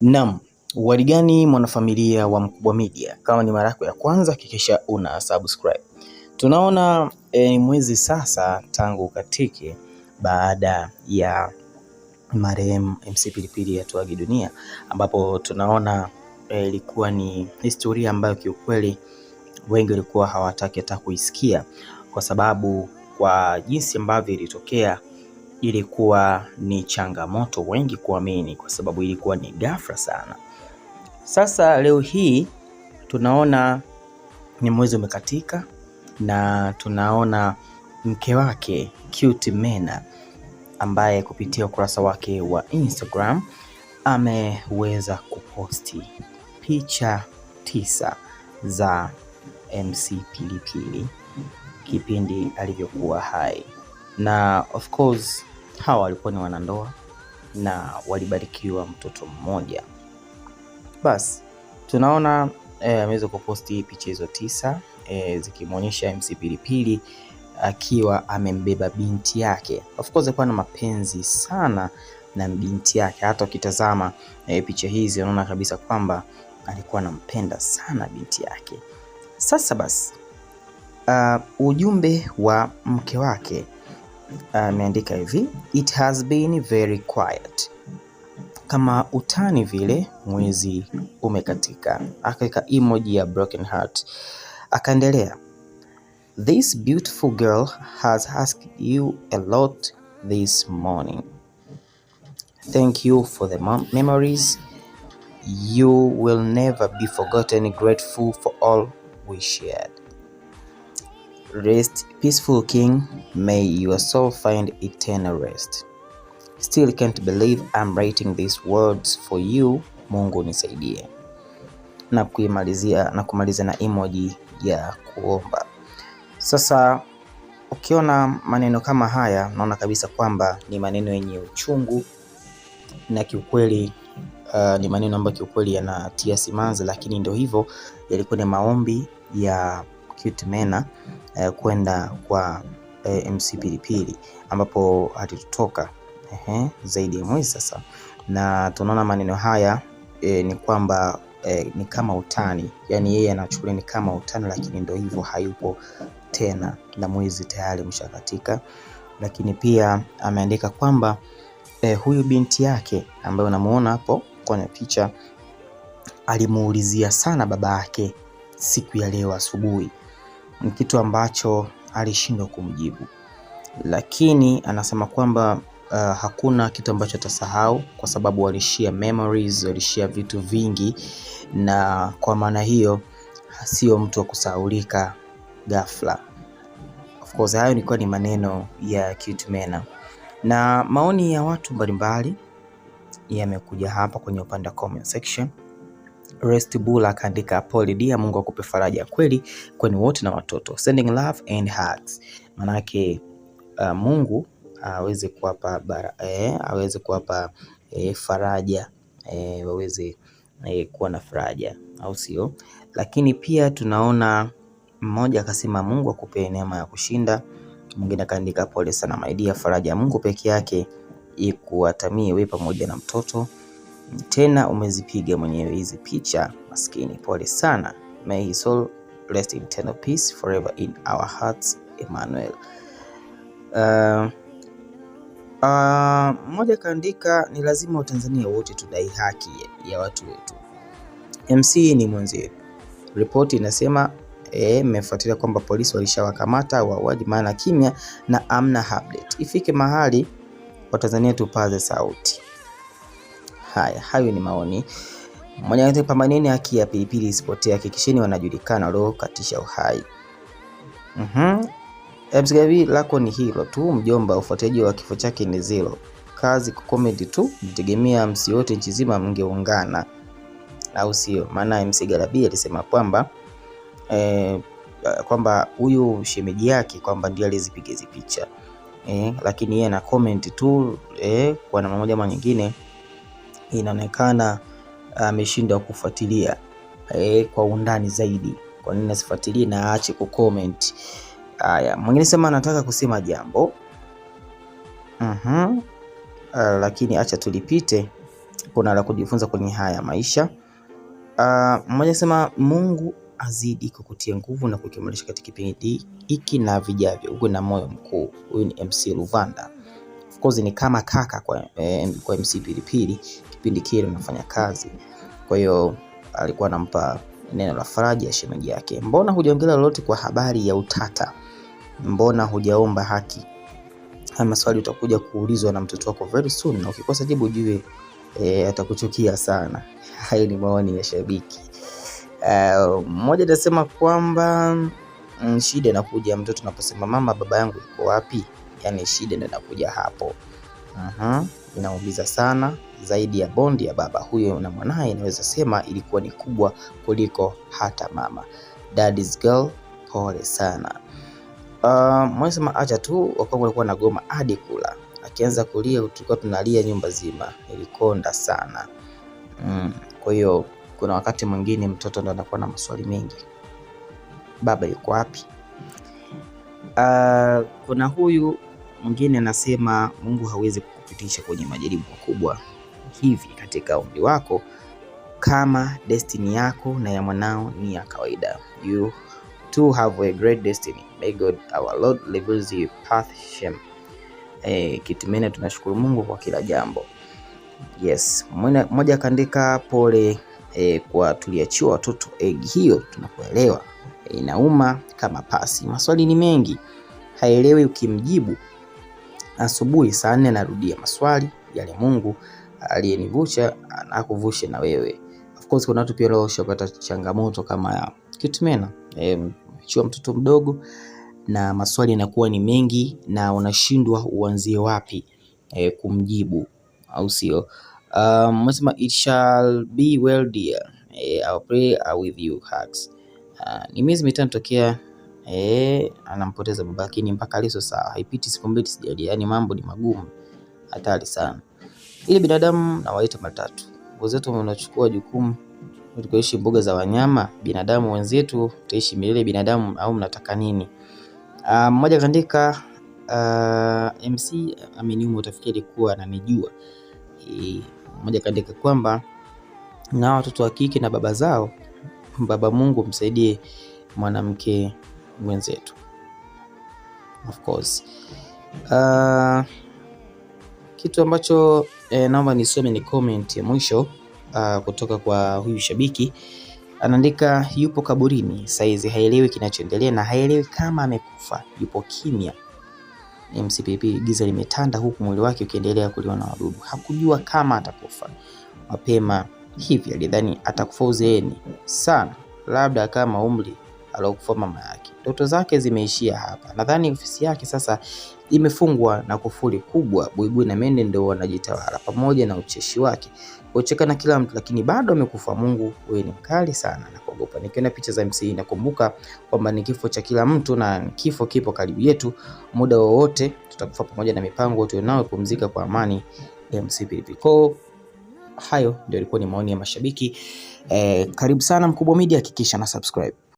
Naam, wali gani mwanafamilia wa Mkubwa Media? Kama ni mara yako ya kwanza hakikisha una subscribe. Tunaona e, mwezi sasa tangu ukatike baada ya marehemu MC Pilipili tuagi dunia, ambapo tunaona eh, ilikuwa e, ni historia ambayo kiukweli wengi walikuwa hawataki hata kuisikia, kwa sababu kwa jinsi ambavyo ilitokea ilikuwa ni changamoto wengi kuamini, kwa sababu ilikuwa ni ghafla sana. Sasa leo hii tunaona ni mwezi umekatika na tunaona mke wake Cute Mena ambaye kupitia ukurasa wake wa Instagram ameweza kuposti picha tisa za MC Pilipili kipindi alivyokuwa hai, na of course Hawa walikuwa ni wanandoa na walibarikiwa mtoto mmoja. Basi tunaona eh, ameweza kuposti picha hizo tisa eh, zikimwonyesha MC Pilipili akiwa amembeba binti yake. Of course alikuwa na mapenzi sana na binti yake. Hata ukitazama eh, picha hizi unaona kabisa kwamba alikuwa anampenda sana binti yake. Sasa basi, uh, ujumbe wa mke wake ameandika uh, hivi it has been very quiet, kama utani vile, mwezi umekatika. Akaweka emoji ya broken heart, akaendelea This beautiful girl has asked you a lot this morning. Thank you for the memories. You will never be forgotten, grateful for all we shared. Rest peaceful king, May your soul find eternal rest. Still can't believe I'm writing these words for you. Mungu nisaidie. Na kuimalizia na kumaliza na emoji ya kuomba. Sasa ukiona maneno kama haya, naona kabisa kwamba ni maneno yenye uchungu na kiukweli uh, ni maneno ambayo kiukweli yanatia simanzi, lakini ndio hivyo, yalikuwa ni maombi ya Cute Mena uh, kwenda kwa e, eh, MC Pilipili ambapo hatutotoka ehe, zaidi ya mwezi sasa, na tunaona maneno haya e, ni kwamba e, ni kama utani, yani yeye anachukulia ni kama utani, lakini ndio hivyo, hayupo tena na mwezi tayari mshakatika. Lakini pia ameandika kwamba e, huyu binti yake ambaye unamuona hapo kwenye picha alimuulizia sana baba yake siku ya leo asubuhi, ni kitu ambacho alishindwa kumjibu, lakini anasema kwamba uh, hakuna kitu ambacho atasahau kwa sababu walishia memories, walishia vitu vingi, na kwa maana hiyo sio mtu wa kusahaulika ghafla. Of course hayo ilikuwa ni maneno ya Kitumena na maoni ya watu mbalimbali yamekuja hapa kwenye upande wa comment section. Rest Bull akaandika pole dia, Mungu akupe faraja kweli kwenu wote na watoto. Sending love and hugs. Manake uh, Mungu aweze uh, kuwapa eh, aweze kuwapa eh, faraja eh, waweze eh, kuwa na faraja, au sio? Lakini pia tunaona mmoja akasema Mungu akupe neema ya kushinda, mwingine akaandika pole sana my dear, faraja Mungu peke yake ikuatamie wewe pamoja na mtoto tena umezipiga mwenyewe hizi picha, maskini. Pole sana. May his soul rest in eternal peace forever in our hearts. Emmanuel. Uh, uh, mmoja kaandika ni lazima Watanzania wote tudai haki ya, ya watu wetu. MC ni mwenzetu. Ripoti inasema e, mmefuatilia eh, kwamba polisi walishawakamata wauaji, maana kimya na amna update. Ifike mahali Watanzania tupaze sauti. Haya, hayo ni maoni. Mwananchi, pambaneni haki ya pilipili isipotea, hakikisheni wanajulikana waliokatisha uhai. Mhm. Ebsgavi lako ni hilo tu mjomba, ufuatiaji wa kifo chake ni zero. Kazi kukomedi tu, mtegemea msi wote nchi mngeungana, au sio? Maana MC Galabi alisema kwamba eh, kwamba huyu shemeji yake kwamba ndiye alizipiga picha eh, lakini yeye ana comment tu eh, kwa namna moja ama nyingine inaonekana ah, ameshindwa uh, kufuatilia eh, kwa undani zaidi. Kwa nini asifuatilie na aache comment? Haya, mwingine sema anataka kusema jambo mm-hmm. Uh, lakini acha tulipite, kuna la kujifunza kwenye haya maisha. Uh, mmoja sema Mungu azidi kukutia nguvu na kukimalisha katika kipindi hiki na vijavyo, uwe na moyo mkuu. Huyu ni MC Luvanda, of course ni kama kaka kwa, eh, kwa MC Pilipili kipindi kile nafanya kazi. Kwa hiyo alikuwa anampa neno la faraja ya shemeji yake, mbona hujaongelea lolote kwa habari ya utata? Mbona hujaomba haki? Haya maswali utakuja kuulizwa na mtoto wako very soon, na ukikosa jibu ujue e, atakuchukia sana. Hayo ni maoni ya shabiki eh, mmoja. Uh, anasema kwamba mm, shida inakuja mtoto anaposema mama, baba yangu yuko wapi? Yani shida ndio inakuja hapo. Aha, inaumiza sana zaidi ya bondi ya baba huyo na mwanaye, inaweza sema ilikuwa ni kubwa kuliko hata mama. Daddy's girl, pole sana. Uh, ah, mwasema acha tu wakongo walikuwa na goma hadi kula, akianza kulia tulikuwa tunalia nyumba zima, ilikonda sana mm. Kwa hiyo kuna wakati mwingine mtoto ndo anakuwa na maswali mengi, baba yuko wapi? Uh, kuna huyu Mwingine anasema Mungu hawezi kukupitisha kwenye majaribu makubwa hivi katika umri wako kama destiny yako na ya mwanao ni ya kawaida. You too have a great destiny. May God our Lord levels you path shem. Eh, kitimene tunashukuru Mungu kwa kila jambo. Yes, mmoja akaandika pole eh, kwa tuliachiwa watoto egi eh, hiyo tunakuelewa e, inauma kama pasi. Maswali ni mengi, haelewi ukimjibu Asubuhi saa nne narudia maswali yale Mungu aliyenivusha kuvusha na wewe. Of course kuna watu pia leo washapata changamoto kama ya kitumena chiwa mtoto mdogo na maswali yanakuwa ni mengi na unashindwa uanzie wapi eh, kumjibu au sio? Umesema um, it shall be well dear. Eh, I'll pray with you hugs. Uh, ni miezi mitano tokea eh, anampoteza baba lakini mpaka leso saa haipiti siku mbili sijali, yani mambo ni magumu, hatari sana. Ili binadamu nawaita matatu wenzetu, unachukua jukumu kuishi mbuga za wanyama. Binadamu wenzetu tutaishi milele binadamu au mnataka nini? Ah, mmoja kaandika uh, ah, MC ameniuma utafikiri kuwa ananijua. Mmoja e, kaandika kwamba na watoto wa kike na baba zao, Baba Mungu msaidie mwanamke mwenzetu of course. Uh, kitu ambacho eh, naomba nisome ni comment ya mwisho uh, kutoka kwa huyu shabiki anaandika, yupo kaburini saizi, haelewi kinachoendelea na haelewi kama amekufa, yupo kimya MCPP, giza limetanda huku mwili wake ukiendelea kuliwa na wadudu. Hakujua kama atakufa mapema hivi, alidhani atakufa uzeeni sana, labda kama umri aliyokufa mama yake. Ndoto zake zimeishia hapa. Nadhani ofisi yake sasa imefungwa na kufuli kubwa. Buibui na mende ndio wanajitawala pamoja na ucheshi wake, kucheka na kila mtu, lakini bado amekufa. Mungu wewe ni mkali sana na kuogopa. Nikiona picha za MCI nakumbuka kwamba ni kifo cha kila mtu na kifo kipo karibu yetu muda wowote, tutakufa pamoja na mipango tulionao. Pumzika kwa amani MC Pilipili. Hayo ndio ilikuwa ni maoni ya mashabiki eh. Karibu sana Mkubwa Media, hakikisha na subscribe.